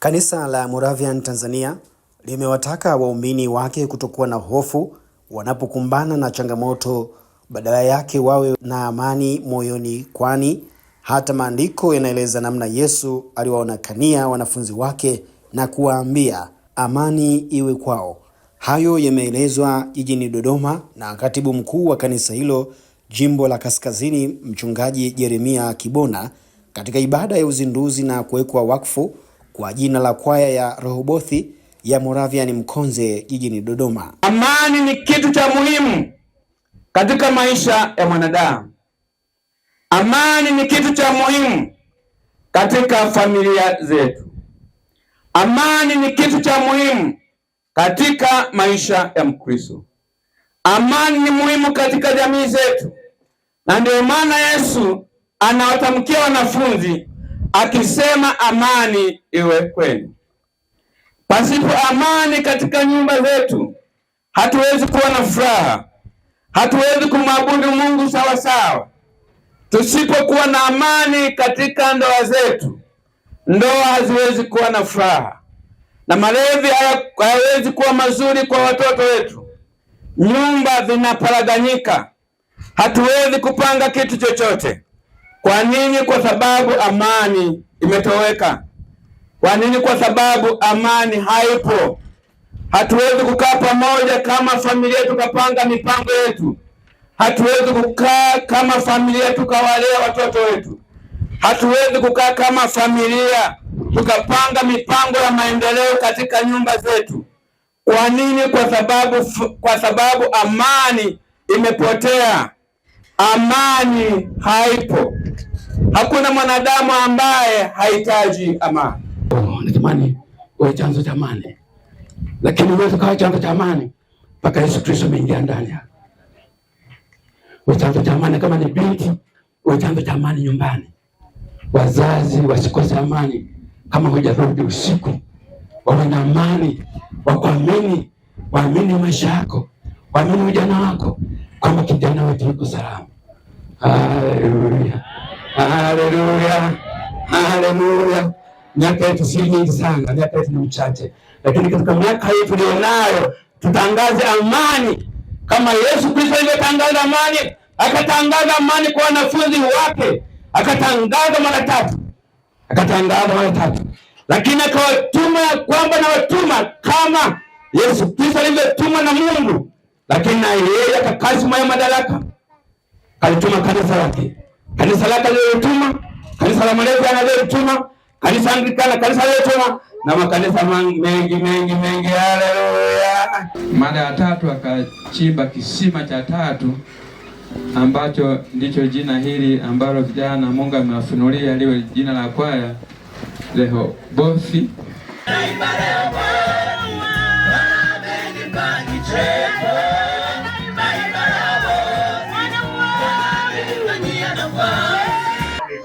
Kanisa la Moravian Tanzania limewataka waumini wake kutokuwa na hofu wanapokumbana na changamoto, badala yake wawe na amani moyoni, kwani hata maandiko yanaeleza namna Yesu aliwaonekania wanafunzi wake na kuwaambia amani iwe kwao. Hayo yameelezwa jijini Dodoma na katibu mkuu wa kanisa hilo jimbo la Kaskazini, Mchungaji Jeremia Kibona katika ibada ya uzinduzi na kuwekwa wakfu kwa jina la kwaya ya Rehobothi ya Moravian Mkonze jijini Dodoma. Amani ni kitu cha muhimu katika maisha ya mwanadamu. Amani ni kitu cha muhimu katika familia zetu. Amani ni kitu cha muhimu katika maisha ya Mkristo. Amani ni muhimu katika jamii zetu, na ndio maana Yesu anawatamkia wanafunzi akisema amani iwe kwenu. Pasipo amani katika nyumba zetu, hatuwezi kuwa na furaha, hatuwezi kumwabudu Mungu sawa sawa. Tusipokuwa na amani katika ndoa zetu, ndoa haziwezi kuwa na furaha, na malezi hayawezi kuwa mazuri kwa watoto wetu. Nyumba zinaparaganyika hatuwezi kupanga kitu chochote. Kwa nini? Kwa sababu amani imetoweka. Kwa nini? Kwa sababu amani haipo. Hatuwezi kukaa pamoja kama familia tukapanga mipango yetu. Hatuwezi kukaa kama familia tukawalea watoto wetu. Hatuwezi kukaa kama familia tukapanga mipango ya maendeleo katika nyumba zetu. Kwa nini? Kwa sababu, kwa sababu amani imepotea, amani haipo. Hakuna mwanadamu ambaye hahitaji amani. Oh, natamani uwe chanzo cha amani, lakini uweze ukawa chanzo cha amani mpaka Yesu Kristo ameingia ndani yako. Uwe chanzo cha amani kama ni binti, uwe chanzo cha amani nyumbani. Wazazi wasikose amani, kama hujarudi usiku, wawe na amani, wakuamini, waamini maisha yako, waamini ujana wako, kwamba kijana wetu yuko salama. Haleluya. Haleluya, haleluya. Miaka yetu si nyingi sana, miaka yetu ni mchache, lakini katika miaka hii tulionayo tutangaze amani kama Yesu Kristo alivyotangaza amani. Akatangaza amani kwa wanafunzi wake, akatangaza mara tatu, akatangaza mara tatu, lakini akawatuma kwamba na watuma kama Yesu Kristo alivyotumwa na Mungu, lakini na yeye akakazimaya madaraka, kalituma kanisa lake kanisa lake alilotuma, kanisa la Malezi analotuma, kanisa Anglikana, kanisa alilotuma na makanisa mengi mengi mengi. Haleluya! Mara ya tatu akachimba kisima cha tatu ambacho ndicho jina hili ambalo vijana Mungu amewafunulia liwe jina la kwaya Rehobothi.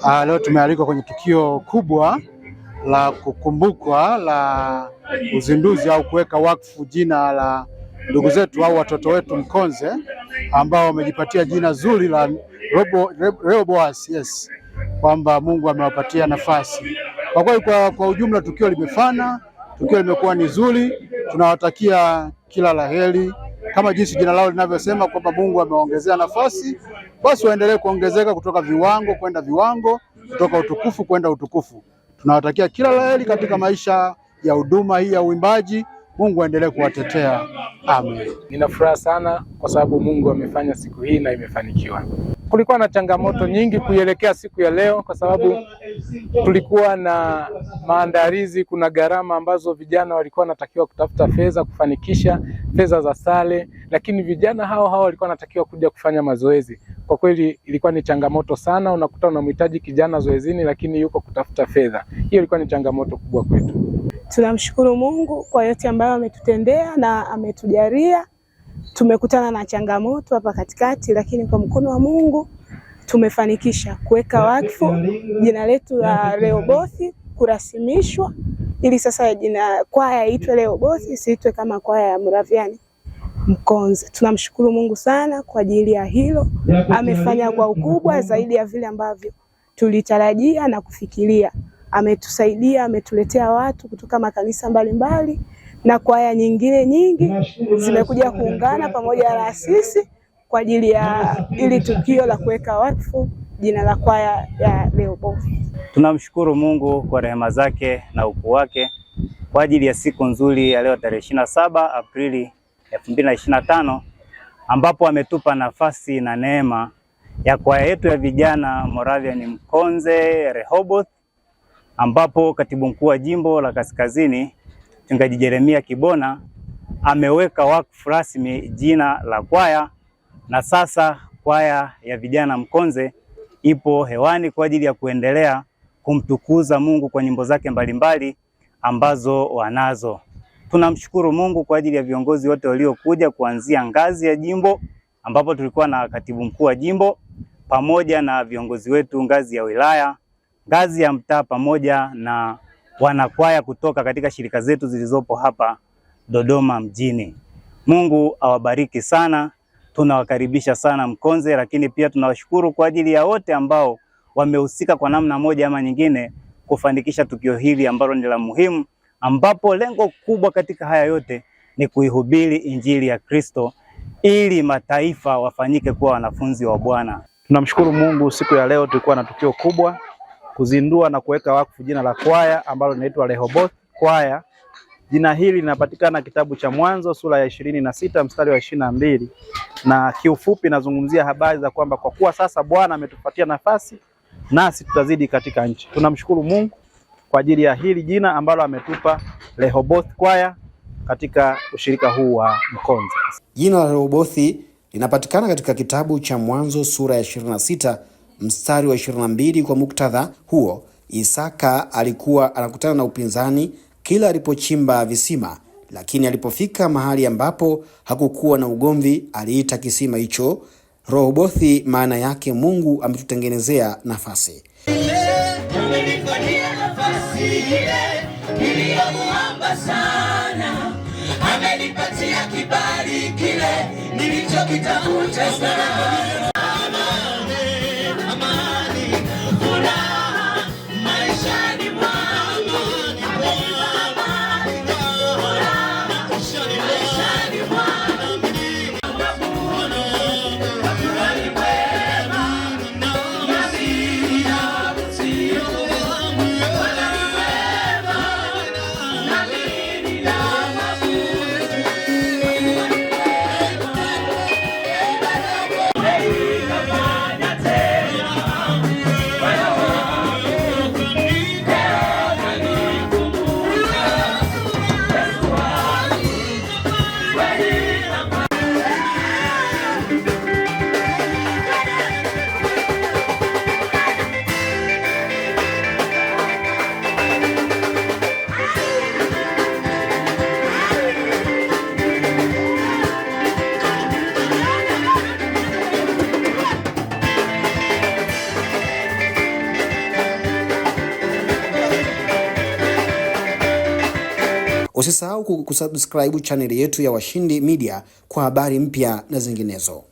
Uh, leo tumealikwa kwenye tukio kubwa la kukumbukwa la uzinduzi au kuweka wakfu jina la ndugu zetu au watoto wetu Mkonze ambao wamejipatia jina zuri la Rehoboas, yes, kwamba Mungu amewapatia nafasi. Kwa kweli kwa, kwa ujumla tukio limefana, tukio limekuwa ni zuri. Tunawatakia kila la heri kama jinsi jina lao linavyosema kwamba Mungu ameongezea nafasi basi waendelee kuongezeka kutoka viwango kwenda viwango, kutoka utukufu kwenda utukufu. Tunawatakia kila laheri katika maisha ya huduma hii ya uimbaji. Mungu aendelee kuwatetea. Amen. Nina furaha sana kwa sababu Mungu amefanya siku hii na imefanikiwa kulikuwa na changamoto nyingi kuielekea siku ya leo, kwa sababu tulikuwa na maandalizi. Kuna gharama ambazo vijana walikuwa wanatakiwa kutafuta fedha kufanikisha fedha za sale lakini vijana hao hao walikuwa wanatakiwa kuja kufanya mazoezi. Kwa kweli ilikuwa ni changamoto sana, unakuta unamhitaji kijana zoezini, lakini yuko kutafuta fedha. Hiyo ilikuwa ni changamoto kubwa kwetu. Tunamshukuru Mungu kwa yote ambayo ametutendea na ametujalia Tumekutana na changamoto hapa katikati, lakini kwa mkono wa Mungu tumefanikisha kuweka wakfu jina letu la Rehoboth kurasimishwa, ili sasa jina kwaya itwe Rehoboth siitwe kama kwaya ya mravyani mkonze Tunamshukuru Mungu sana kwa ajili ya hilo, amefanya kwa ukubwa zaidi ya vile ambavyo tulitarajia na kufikiria. Ametusaidia, ametuletea watu kutoka makanisa mbalimbali mbali na kwaya nyingine nyingi zimekuja kuungana pamoja na sisi kwa ajili ya ili tukio la kuweka wakfu jina la kwaya ya Leopold. Tunamshukuru Mungu kwa rehema zake na ukuu wake kwa ajili ya siku nzuri ya leo tarehe ishirini na saba Aprili elfu mbili na ishirini na tano ambapo ametupa nafasi na neema ya kwaya yetu ya vijana Moravian Mkonze Rehoboth ambapo katibu mkuu wa jimbo la Kaskazini Mchungaji Jeremia Kibona ameweka wakfu rasmi jina la kwaya na sasa kwaya ya vijana Mkonze ipo hewani kwa ajili ya kuendelea kumtukuza Mungu kwa nyimbo zake mbalimbali ambazo wanazo. Tunamshukuru Mungu kwa ajili ya viongozi wote waliokuja kuanzia ngazi ya jimbo ambapo tulikuwa na katibu mkuu wa jimbo pamoja na viongozi wetu ngazi ya wilaya, ngazi ya mtaa pamoja na wanakwaya kutoka katika shirika zetu zilizopo hapa Dodoma mjini. Mungu awabariki sana, tunawakaribisha sana Mkonze, lakini pia tunawashukuru kwa ajili ya wote ambao wamehusika kwa namna moja ama nyingine kufanikisha tukio hili ambalo ni la muhimu, ambapo lengo kubwa katika haya yote ni kuihubiri Injili ya Kristo ili mataifa wafanyike kuwa wanafunzi wa Bwana. Tunamshukuru Mungu, siku ya leo tulikuwa na tukio kubwa kuzindua na kuweka wakfu jina la kwaya ambalo linaitwa Rehoboth Kwaya. Jina hili linapatikana kitabu cha Mwanzo sura ya ishirini na sita mstari wa ishirini na mbili na kiufupi nazungumzia habari za kwamba kwa kuwa sasa Bwana ametupatia nafasi, nasi tutazidi katika nchi. Tunamshukuru Mungu kwa ajili ya hili jina ambalo ametupa Rehoboth Kwaya katika ushirika huu wa Mkonze. Jina la Rehoboth linapatikana katika kitabu cha Mwanzo sura ya ishirini na sita mstari wa 22. Kwa muktadha huo, Isaka alikuwa anakutana na upinzani kila alipochimba visima, lakini alipofika mahali ambapo hakukuwa na ugomvi, aliita kisima hicho Rehobothi, maana yake Mungu ametutengenezea nafasi. sana amenipatia kibali kile nilichokitafuta sana. Usisahau kusubscribe chaneli yetu ya Washindi Media kwa habari mpya na zinginezo.